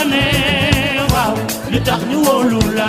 wane waaw li tax ñu wóolu la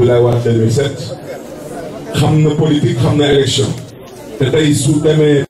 Abdoulaye Wade 2007 xam na politique xam na élection te tey su demee